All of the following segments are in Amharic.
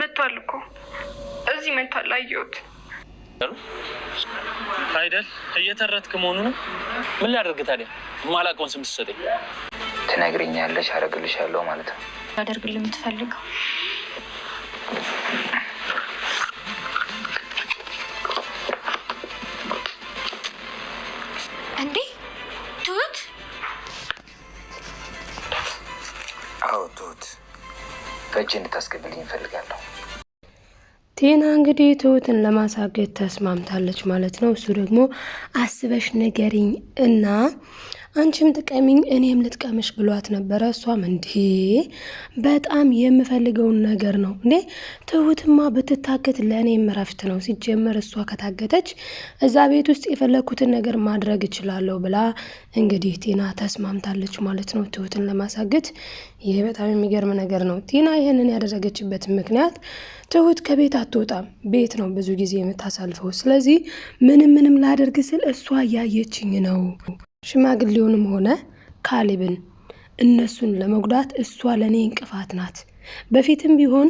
መቷል እኮ እዚህ መቷል። አየሁት አይደል? እየተረትክ መሆኑ ነው። ምን ላደርግ ታዲያ? የማላውቀውን ስም ትሰጠኝ ትነግረኛለሽ፣ አደርግልሻለሁ ማለት ነው። አደርግልህ የምትፈልገው በእጅ እንድታስገብልኝ እፈልጋለሁ። ቴና እንግዲህ ትሁትን ለማሳገድ ተስማምታለች ማለት ነው። እሱ ደግሞ አስበሽ ንገሪኝ እና አንቺም ጥቀሚኝ እኔም ልጥቀምሽ ብሏት ነበረ። እሷም እንዴ በጣም የምፈልገውን ነገር ነው እንዴ ትሁትማ ብትታክት ለእኔም እረፍት ነው። ሲጀመር እሷ ከታገተች እዛ ቤት ውስጥ የፈለግኩትን ነገር ማድረግ እችላለሁ ብላ እንግዲህ ቲና ተስማምታለች ማለት ነው ትሁትን ለማሳገት። ይህ በጣም የሚገርም ነገር ነው። ቲና ይህንን ያደረገችበት ምክንያት ትሁት ከቤት አትወጣም፣ ቤት ነው ብዙ ጊዜ የምታሳልፈው። ስለዚህ ምንም ምንም ላደርግ ስል እሷ ያየችኝ ነው ሽማግሌውንም ሆነ ካሌብን እነሱን ለመጉዳት እሷ ለእኔ እንቅፋት ናት። በፊትም ቢሆን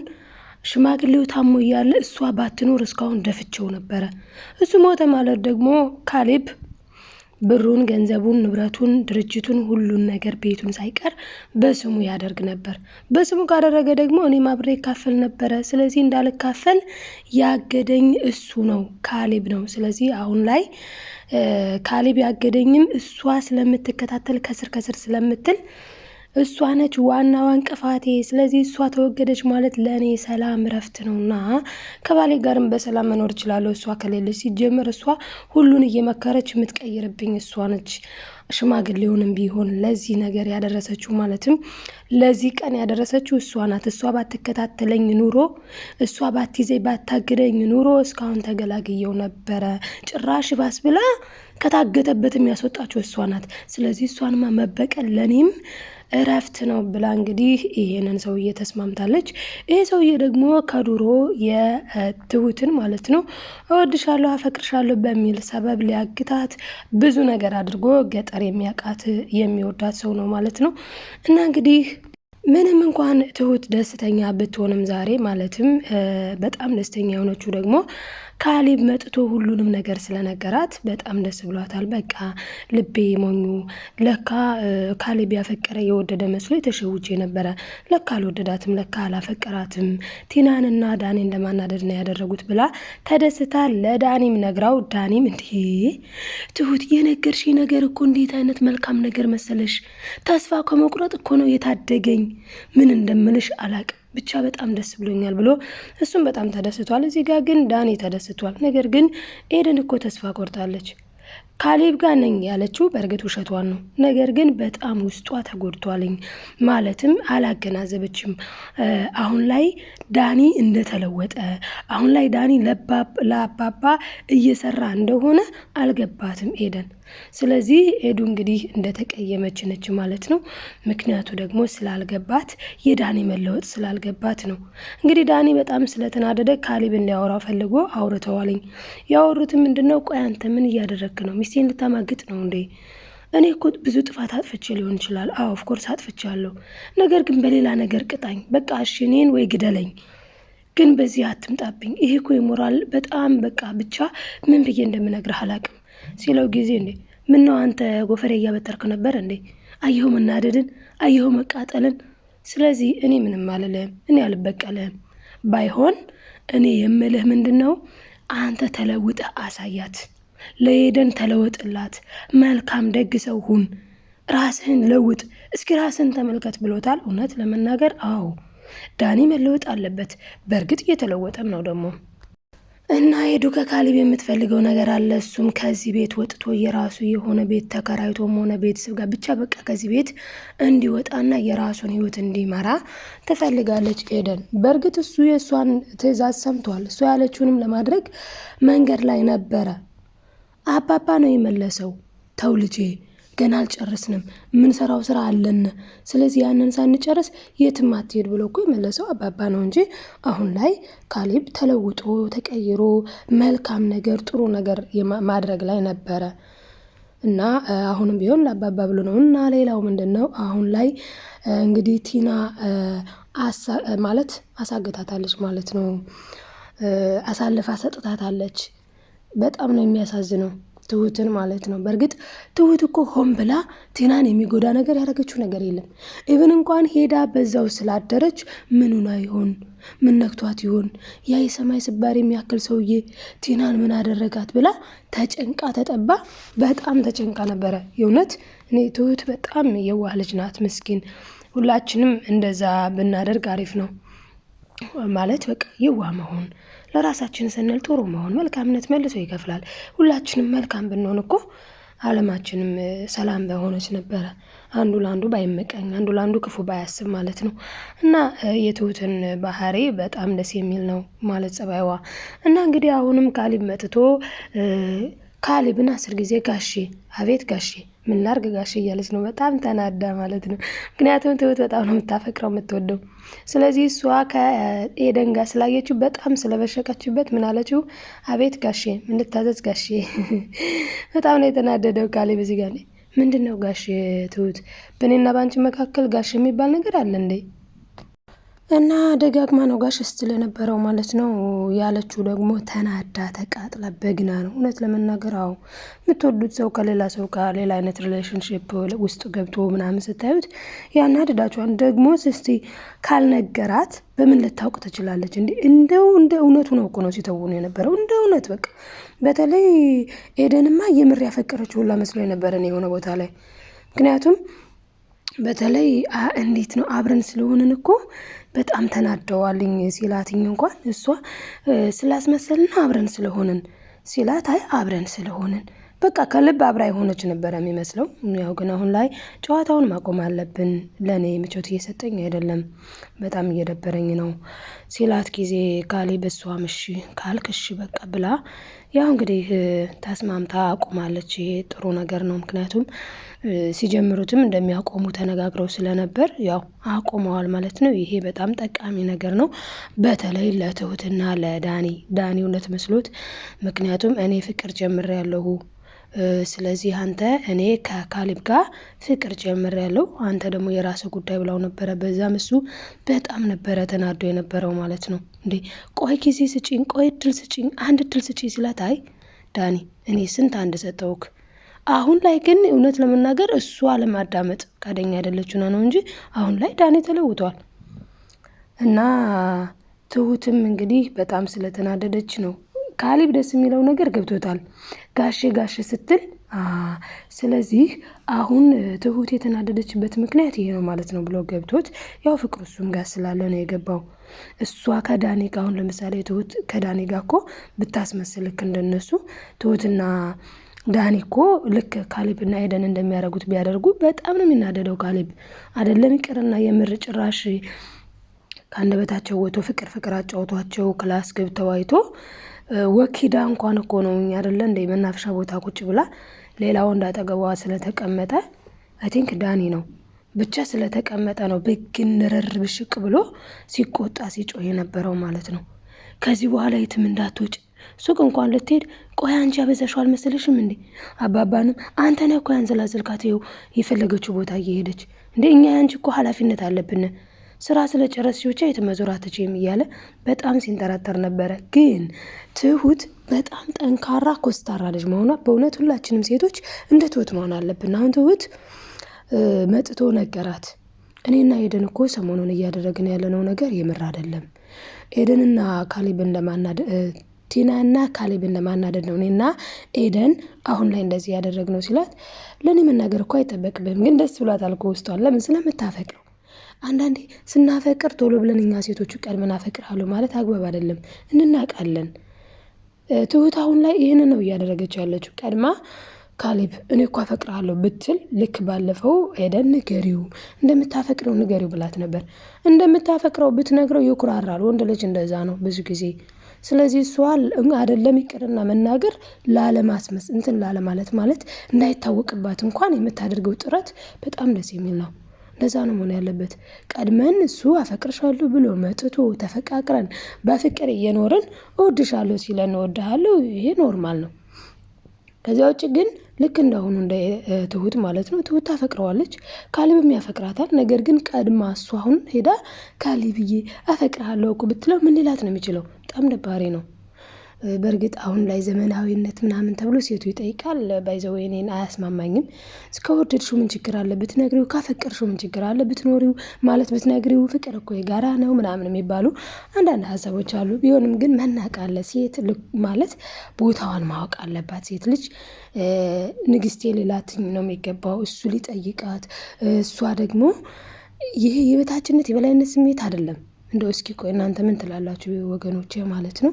ሽማግሌው ታሞ እያለ እሷ ባትኖር እስካሁን ደፍቸው ነበረ። እሱ ሞተ ማለት ደግሞ ካሌብ ብሩን፣ ገንዘቡን፣ ንብረቱን፣ ድርጅቱን፣ ሁሉን ነገር ቤቱን ሳይቀር በስሙ ያደርግ ነበር። በስሙ ካደረገ ደግሞ እኔ ማብሬ ካፈል ነበረ። ስለዚህ እንዳልካፈል ያገደኝ እሱ ነው፣ ካሌብ ነው። ስለዚህ አሁን ላይ ካሌብ ያገደኝም እሷ ስለምትከታተል ከስር ከስር ስለምትል እሷ ነች ዋናዋ እንቅፋቴ። ስለዚህ እሷ ተወገደች ማለት ለእኔ ሰላም ረፍት ነውና ከባሌ ጋርም በሰላም መኖር እችላለሁ እሷ ከሌለች። ሲጀምር እሷ ሁሉን እየመከረች የምትቀይርብኝ እሷ ነች። ሽማግሌውንም ቢሆን ለዚህ ነገር ያደረሰችው ማለትም ለዚህ ቀን ያደረሰችው እሷ ናት። እሷ ባትከታተለኝ ኑሮ እሷ ባትይዘኝ ባታግደኝ ኑሮ እስካሁን ተገላግየው ነበረ። ጭራሽ ባስ ብላ ከታገተበት የሚያስወጣችው እሷ ናት። ስለዚህ እሷንማ መበቀል ለእኔም እረፍት ነው ብላ እንግዲህ ይሄንን ሰውዬ ተስማምታለች። ይሄ ሰውዬ ደግሞ ከዱሮ የትሁትን ማለት ነው እወድሻለሁ፣ አፈቅርሻለሁ በሚል ሰበብ ሊያግታት ብዙ ነገር አድርጎ ገጠር የሚያውቃት የሚወዳት ሰው ነው ማለት ነው እና እንግዲህ ምንም እንኳን ትሁት ደስተኛ ብትሆንም ዛሬ ማለትም በጣም ደስተኛ የሆነችው ደግሞ ካሌብ መጥቶ ሁሉንም ነገር ስለነገራት በጣም ደስ ብሏታል። በቃ ልቤ ሞኙ ለካ ካሌብ ያፈቀረ የወደደ መስሎ የተሸውቼ ነበረ። ለካ አልወደዳትም፣ ለካ አላፈቀራትም። ቲናንና ዳኔን ለማናደድ ነው ያደረጉት ብላ ተደስታ ለዳኒም ነግራው ዳኒም እንዲህ ትሁት የነገርሽ ነገር እኮ እንዴት አይነት መልካም ነገር መሰለሽ። ተስፋ ከመቁረጥ እኮ ነው የታደገኝ። ምን እንደምልሽ አላቅም ብቻ በጣም ደስ ብሎኛል ብሎ እሱም በጣም ተደስቷል። እዚህ ጋር ግን ዳኒ ተደስቷል። ነገር ግን ኤደን እኮ ተስፋ ቆርጣለች። ካሌብ ጋር ነኝ ያለችው በእርግጥ ውሸቷን ነው። ነገር ግን በጣም ውስጧ ተጎድቷልኝ ማለትም አላገናዘበችም። አሁን ላይ ዳኒ እንደተለወጠ አሁን ላይ ዳኒ ለአባባ እየሰራ እንደሆነ አልገባትም ኤደን ስለዚህ ኤዱ እንግዲህ እንደተቀየመች ነች ማለት ነው። ምክንያቱ ደግሞ ስላልገባት የዳኒ መለወጥ ስላልገባት ነው። እንግዲህ ዳኒ በጣም ስለተናደደ ካሊብ እንዲያወራ ፈልጎ አውርተዋልኝ። ያወሩትም ምንድን ነው? ቆይ አንተ ምን እያደረግክ ነው? ሚስቴን ልታማግጥ ነው እንዴ? እኔ እኮ ብዙ ጥፋት አጥፍቼ ሊሆን ይችላል። አዎ ኦፍኮርስ አጥፍቻለሁ። ነገር ግን በሌላ ነገር ቅጣኝ። በቃ እሺ እኔን ወይ ግደለኝ ግን በዚህ አትምጣብኝ። ይሄ እኮ የሞራል በጣም በቃ ብቻ ምን ብዬ እንደምነግርህ አላቅም። ሲለው ጊዜ እንዴ ምን ነው አንተ ጎፈሬ እያበጠርክ ነበር እንዴ? አየሁ መናደድን፣ አየሁ መቃጠልን። ስለዚህ እኔ ምንም አልልህም፣ እኔ አልበቀልህም። ባይሆን እኔ የምልህ ምንድን ነው አንተ ተለውጠ አሳያት፣ ለሄደን ተለወጥላት፣ መልካም ደግ ሰው ሁን፣ ራስህን ለውጥ፣ እስኪ ራስህን ተመልከት ብሎታል። እውነት ለመናገር አዎ ዳኒ መለወጥ አለበት። በእርግጥ እየተለወጠም ነው ደግሞ እና ሄዱ ከካሊብ የምትፈልገው ነገር አለ። እሱም ከዚህ ቤት ወጥቶ የራሱ የሆነ ቤት ተከራይቶም ሆነ ቤተሰብ ጋር ብቻ በቃ ከዚህ ቤት እንዲወጣና የራሱን ህይወት እንዲመራ ትፈልጋለች ኤደን። በእርግጥ እሱ የእሷን ትዕዛዝ ሰምቷል። እሷ ያለችውንም ለማድረግ መንገድ ላይ ነበረ። አባባ ነው የመለሰው። ተው ልጄ ገና አልጨርስንም፣ የምንሰራው ስራ አለን፣ ስለዚህ ያንን ሳንጨርስ የትም አትሄድ ብሎ እኮ የመለሰው አባባ ነው እንጂ አሁን ላይ ካሌብ ተለውጦ ተቀይሮ መልካም ነገር ጥሩ ነገር ማድረግ ላይ ነበረ እና አሁንም ቢሆን ለአባባ ብሎ ነው። እና ሌላው ምንድን ነው አሁን ላይ እንግዲህ ቲና ማለት አሳግታታለች ማለት ነው፣ አሳልፋ ሰጥታታለች። በጣም ነው የሚያሳዝነው። ትሁትን ማለት ነው። በእርግጥ ትሁት እኮ ሆን ብላ ቴናን የሚጎዳ ነገር ያደረገችው ነገር የለም። ኢብን እንኳን ሄዳ በዛው ስላደረች ምኑና ይሆን ምን ነክቷት ይሆን? ያ የሰማይ ስባሪ የሚያክል ሰውዬ ቴናን ምን አደረጋት ብላ ተጨንቃ ተጠባ፣ በጣም ተጨንቃ ነበረ። የእውነት እኔ ትሁት በጣም የዋህ ልጅ ናት፣ ምስኪን። ሁላችንም እንደዛ ብናደርግ አሪፍ ነው። ማለት በቃ የዋ መሆን ለራሳችን ስንል ጥሩ መሆን መልካምነት መልሶ ይከፍላል። ሁላችንም መልካም ብንሆን እኮ ዓለማችንም ሰላም በሆነች ነበረ። አንዱ ለአንዱ ባይመቀኝ፣ አንዱ ለአንዱ ክፉ ባያስብ ማለት ነው። እና የትሁትን ባህሪ በጣም ደስ የሚል ነው ማለት ጸባይዋ። እና እንግዲህ አሁንም ካሊብ መጥቶ ካሊብን አስር ጊዜ ጋሼ አቤት ጋሼ ምን ላርግ ጋሽ እያለች ነው በጣም ተናዳ ማለት ነው። ምክንያቱም ትሁት በጣም ነው የምታፈቅረው የምትወደው። ስለዚህ እሷ ከኤደን ጋር ስላየችው በጣም ስለበሸቀችበት ምን አለችው፣ አቤት ጋሼ፣ ምንታዘዝ ልታዘዝ ጋሼ? በጣም ነው የተናደደው ቃሌ በዚህ ጋ ምንድን ነው ጋሽ ትሁት፣ በእኔና በአንቺ መካከል ጋሽ የሚባል ነገር አለ እንዴ? እና ደጋግማ ነው ጋሽ ስትል የነበረው ማለት ነው። ያለችው ደግሞ ተናዳ ተቃጥላ በግና ነው። እውነት ለመናገር አዎ፣ የምትወዱት ሰው ከሌላ ሰው ጋር ሌላ አይነት ሪሌሽንሽፕ ውስጥ ገብቶ ምናምን ስታዩት ያናድዳችኋል። ደግሞ ስስቲ ካልነገራት በምን ልታውቅ ትችላለች? እንዲ እንደው እንደ እውነቱ ነው እኮ ነው ሲተውኑ የነበረው እንደ እውነት በቃ። በተለይ ኤደንማ የምር ያፈቀረችው ሁላ መስሎ የነበረን የሆነ ቦታ ላይ ምክንያቱም በተለይ እንዴት ነው አብረን ስለሆንን እኮ በጣም ተናደዋልኝ ሲላትኝ እንኳን እሷ ስላስመሰልን አብረን ስለሆንን ሲላት አይ አብረን ስለሆንን በቃ ከልብ አብራ የሆነች ነበረ የሚመስለው። ያው ግን አሁን ላይ ጨዋታውን ማቆም አለብን፣ ለእኔ ምቾት እየሰጠኝ አይደለም፣ በጣም እየደበረኝ ነው ሲላት ጊዜ ካሌ በሷ ምሽ ካልክ እሺ በቃ ብላ ያው እንግዲህ ተስማምታ አቁማለች። ይሄ ጥሩ ነገር ነው። ምክንያቱም ሲጀምሩትም እንደሚያቆሙ ተነጋግረው ስለነበር ያው አቁመዋል ማለት ነው። ይሄ በጣም ጠቃሚ ነገር ነው፣ በተለይ ለትሁትና ለዳኒ። ዳኒ እውነት መስሎት ምክንያቱም እኔ ፍቅር ጀምሬያለሁ ስለዚህ አንተ እኔ ከካሊብ ጋር ፍቅር ጀምር ያለው አንተ ደግሞ የራስ ጉዳይ ብለው ነበረ። በዛም እሱ በጣም ነበረ ተናዶ የነበረው ማለት ነው። እንዴ ቆይ ጊዜ ስጪኝ፣ ቆይ እድል ስጪኝ፣ አንድ እድል ስጪኝ ሲላት አይ ዳኒ እኔ ስንት አንድ ሰጠውክ። አሁን ላይ ግን እውነት ለመናገር እሱ አለማዳመጥ ፈቃደኛ አይደለችና ነው እንጂ አሁን ላይ ዳኒ ተለውቷል እና ትሁትም እንግዲህ በጣም ስለተናደደች ነው ካሊብ ደስ የሚለው ነገር ገብቶታል። ጋሼ ጋሼ ስትል ስለዚህ አሁን ትሁት የተናደደችበት ምክንያት ይሄ ነው ማለት ነው ብሎ ገብቶት፣ ያው ፍቅር እሱም ጋር ስላለ ነው የገባው። እሷ ከዳኔ ጋር አሁን ለምሳሌ ትሁት ከዳኔ ጋር እኮ ብታስመስል ልክ እንደነሱ ትሁትና ዳኒ እኮ ልክ ካሊብ እና ኤደን እንደሚያደርጉት ቢያደርጉ በጣም ነው የሚናደደው ካሊብ አይደለም ይቅርና የምር ጭራሽ ከአንደበታቸው ወጥቶ ፍቅር ፍቅር አጫውቷቸው ክላስ ገብተው አይቶ ወኪዳ እንኳን እኮ ነው እኛ እንደ መናፈሻ ቦታ ቁጭ ብላ ሌላ ወንድ አጠገቧ ስለተቀመጠ አይ ቲንክ ዳኒ ነው ብቻ ስለተቀመጠ ነው ብግን ብሽቅ ብሎ ሲቆጣ ሲጮ የነበረው ማለት ነው። ከዚህ በኋላ የትም እንዳትወጭ ሱቅ እንኳን ልትሄድ ቆይ አንቺ ያበዛሽው አልመሰለሽም እንዴ? አባባንም አንተ ነህ እኮ ያንዘላዘልካት ይኸው የፈለገችው ቦታ እየሄደች እንዴ እኛ ያንቺ እኮ ኃላፊነት አለብን ስራ ስለጨረስሽ ብቻ የትም መዞር አትችይም እያለ በጣም ሲንጠራጠር ነበረ። ግን ትሁት በጣም ጠንካራ ኮስታራ ልጅ መሆኗ በእውነት ሁላችንም ሴቶች እንደ ትሁት መሆን አለብን። አሁን ትሁት መጥቶ ነገራት። እኔና ኤደን እኮ ሰሞኑን እያደረግን ያለነው ነገር የምር አይደለም። ኤደንና ካሌብን ለማናደ ቲናና ካሌብን ለማናደድ ነው እኔና ኤደን አሁን ላይ እንደዚህ ያደረግነው ሲላት፣ ለእኔ መናገር እኮ አይጠበቅብም፣ ግን ደስ ብሏት አልኮ ውስጧን ለምን ስለምታፈቅ ነው አንዳንዴ ስናፈቅር ቶሎ ብለን እኛ ሴቶቹ ቀድመን አፈቅርሃለሁ ማለት አግባብ አይደለም፣ እንናቃለን። ትሁት አሁን ላይ ይህን ነው እያደረገች ያለችው። ቀድማ ካሌብ እኔ እኮ አፈቅርሃለሁ ብትል ልክ ባለፈው ሄደን ንገሪው እንደምታፈቅረው ንገሪው ብላት ነበር። እንደምታፈቅረው ብትነግረው ይኩራራል። ወንድ ልጅ እንደዛ ነው ብዙ ጊዜ። ስለዚህ እሷ አይደለም ይቅርና መናገር ላለማስመስ እንትን ላለማለት ማለት እንዳይታወቅባት እንኳን የምታደርገው ጥረት በጣም ደስ የሚል ነው። እንደዛ ነው መሆን ያለበት። ቀድመን እሱ አፈቅርሻለሁ ብሎ መጥቶ ተፈቃቅረን በፍቅር እየኖርን እወድሻለሁ ሲለን እወድሃለሁ፣ ይሄ ኖርማል ነው። ከዚያ ውጭ ግን ልክ እንደሆኑ እንደ ትሁት ማለት ነው። ትሁት ታፈቅረዋለች፣ ካሊብም ያፈቅራታል። ነገር ግን ቀድማ እሱ አሁን ሄዳ ካሊብዬ አፈቅርሃለሁ እኮ ብትለው ምን ነው የሚችለው? በጣም ደባሪ ነው። በእርግጥ አሁን ላይ ዘመናዊነት ምናምን ተብሎ ሴቱ ይጠይቃል። ባይዘው እኔን አያስማማኝም። እስከወደድሽው ምን ችግር አለ ብትነግሪው፣ ካፈቀርሽው ምን ችግር አለ ብትኖሪው፣ ማለት ብትነግሪው፣ ፍቅር እኮ የጋራ ነው ምናምን የሚባሉ አንዳንድ ሀሳቦች አሉ። ቢሆንም ግን መናቅ አለ። ሴት ማለት ቦታዋን ማወቅ አለባት። ሴት ልጅ ንግስቴ ሌላት ነው የሚገባው። እሱ ሊጠይቃት፣ እሷ ደግሞ ይሄ የበታችነት የበላይነት ስሜት አይደለም። እንደው እስኪ ቆይ እናንተ ምን ትላላችሁ ወገኖቼ? ማለት ነው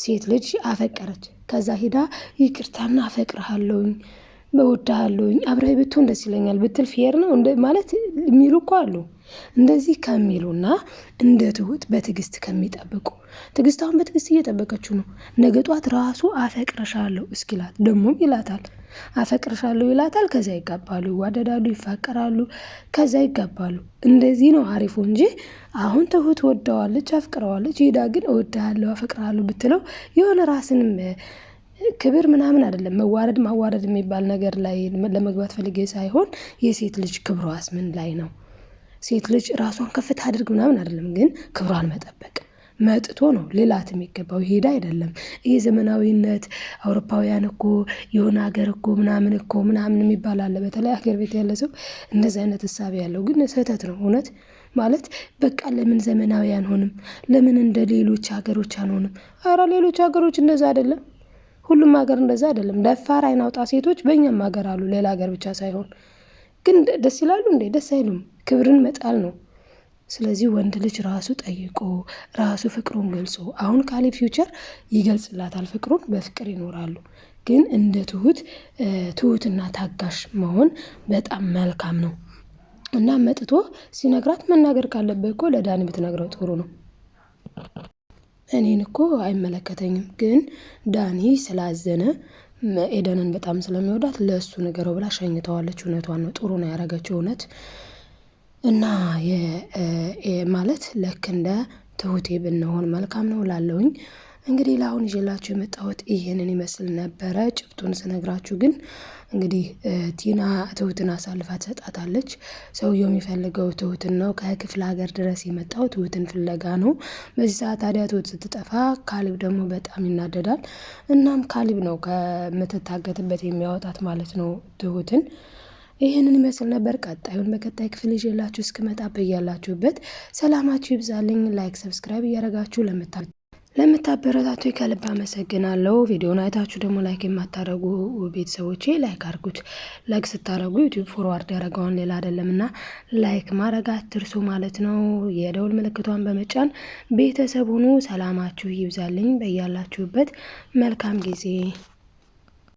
ሴት ልጅ አፈቀረች። ከዛ ሂዳ ይቅርታና አፈቅርሃለሁኝ እወድሃለሁኝ አብረህ ብትሆን ደስ ይለኛል ብትል ፌር ነው ማለት የሚሉ እኮ አሉ። እንደዚህ ከሚሉና እንደ ትሁት በትዕግስት ከሚጠብቁ ትዕግስት አሁን በትዕግስት እየጠበቀችው ነው። ነገ ጧት ራሱ አፈቅርሻለሁ እስኪላት ደግሞም ይላታል። አፈቅርሻለሁ ይላታል። ከዛ ይጋባሉ፣ ይዋደዳሉ፣ ይፋቀራሉ፣ ከዛ ይጋባሉ። እንደዚህ ነው አሪፉ እንጂ አሁን ትሁት ወደዋለች፣ አፍቅረዋለች። ሄዳ ግን እወድሃለሁ፣ አፈቅርሃለሁ ብትለው የሆነ ራስንም ክብር ምናምን አይደለም መዋረድ ማዋረድ የሚባል ነገር ላይ ለመግባት ፈልጌ ሳይሆን የሴት ልጅ ክብሯስ ምን ላይ ነው? ሴት ልጅ ራሷን ከፍት አድርግ ምናምን አይደለም፣ ግን ክብሯን መጠበቅ መጥቶ ነው ሌላት የሚገባው ይሄዳ አይደለም። ይህ ዘመናዊነት አውሮፓውያን እኮ የሆነ ሀገር እኮ ምናምን እኮ ምናምን የሚባል አለ። በተለይ ሀገር ቤት ያለ ሰው እንደዚህ አይነት እሳቤ ያለው ግን ስህተት ነው። እውነት ማለት በቃ ለምን ዘመናዊ አንሆንም? ለምን እንደ ሌሎች ሀገሮች አንሆንም? አረ ሌሎች ሀገሮች እንደዛ አይደለም። ሁሉም ሀገር እንደዛ አይደለም። ደፋር አይን አውጣ ሴቶች በእኛም ሀገር አሉ፣ ሌላ ሀገር ብቻ ሳይሆን። ግን ደስ ይላሉ እንዴ? ደስ አይሉም። ክብርን መጣል ነው። ስለዚህ ወንድ ልጅ ራሱ ጠይቆ ራሱ ፍቅሩን ገልጾ፣ አሁን ካሌ ፊውቸር ይገልጽላታል ፍቅሩን። በፍቅር ይኖራሉ። ግን እንደ ትሁት ትሁትና ታጋሽ መሆን በጣም መልካም ነው እና መጥቶ ሲነግራት መናገር ካለበት እኮ ለዳኒ ብትነግረው ጥሩ ነው። እኔን እኮ አይመለከተኝም፣ ግን ዳኒ ስላዘነ ኤደንን በጣም ስለሚወዳት ለእሱ ነገረው ብላ ሸኝተዋለች። እውነቷን ነው፣ ጥሩ ነው ያደረገችው እውነት እና ማለት ልክ እንደ ትሁቴ ብንሆን መልካም ነው ላለውኝ እንግዲህ ለአሁን ይዤላችሁ የመጣሁት ይህንን ይመስል ነበረ። ጭብጡን ስነግራችሁ ግን እንግዲህ ቲና ትሁትን አሳልፋ ትሰጣታለች። ሰውየው የሚፈልገው ትሁትን ነው። ከክፍለ ሀገር ድረስ የመጣው ትሁትን ፍለጋ ነው። በዚህ ሰዓት ታዲያ ትሁት ስትጠፋ ካሊብ ደግሞ በጣም ይናደዳል። እናም ካሊብ ነው ከምትታገትበት የሚያወጣት ማለት ነው ትሁትን ይህንን ይመስል ነበር። ቀጣዩን በቀጣይ ክፍል ይዤላችሁ እስክመጣ በያላችሁበት ሰላማችሁ ይብዛልኝ። ላይክ፣ ሰብስክራይብ እያደረጋችሁ ለምታ ለምታበረታቱ ከልብ አመሰግናለሁ። ቪዲዮን አይታችሁ ደግሞ ላይክ የማታደርጉ ቤተሰቦቼ ላይክ አድርጉት። ላይክ ስታደረጉ ዩቲዩብ ፎርዋርድ ያደረገውን ሌላ አይደለም እና ላይክ ማድረግ አትርሱ ማለት ነው። የደውል ምልክቷን በመጫን ቤተሰብ ሁኑ። ሰላማችሁ ይብዛልኝ። በያላችሁበት መልካም ጊዜ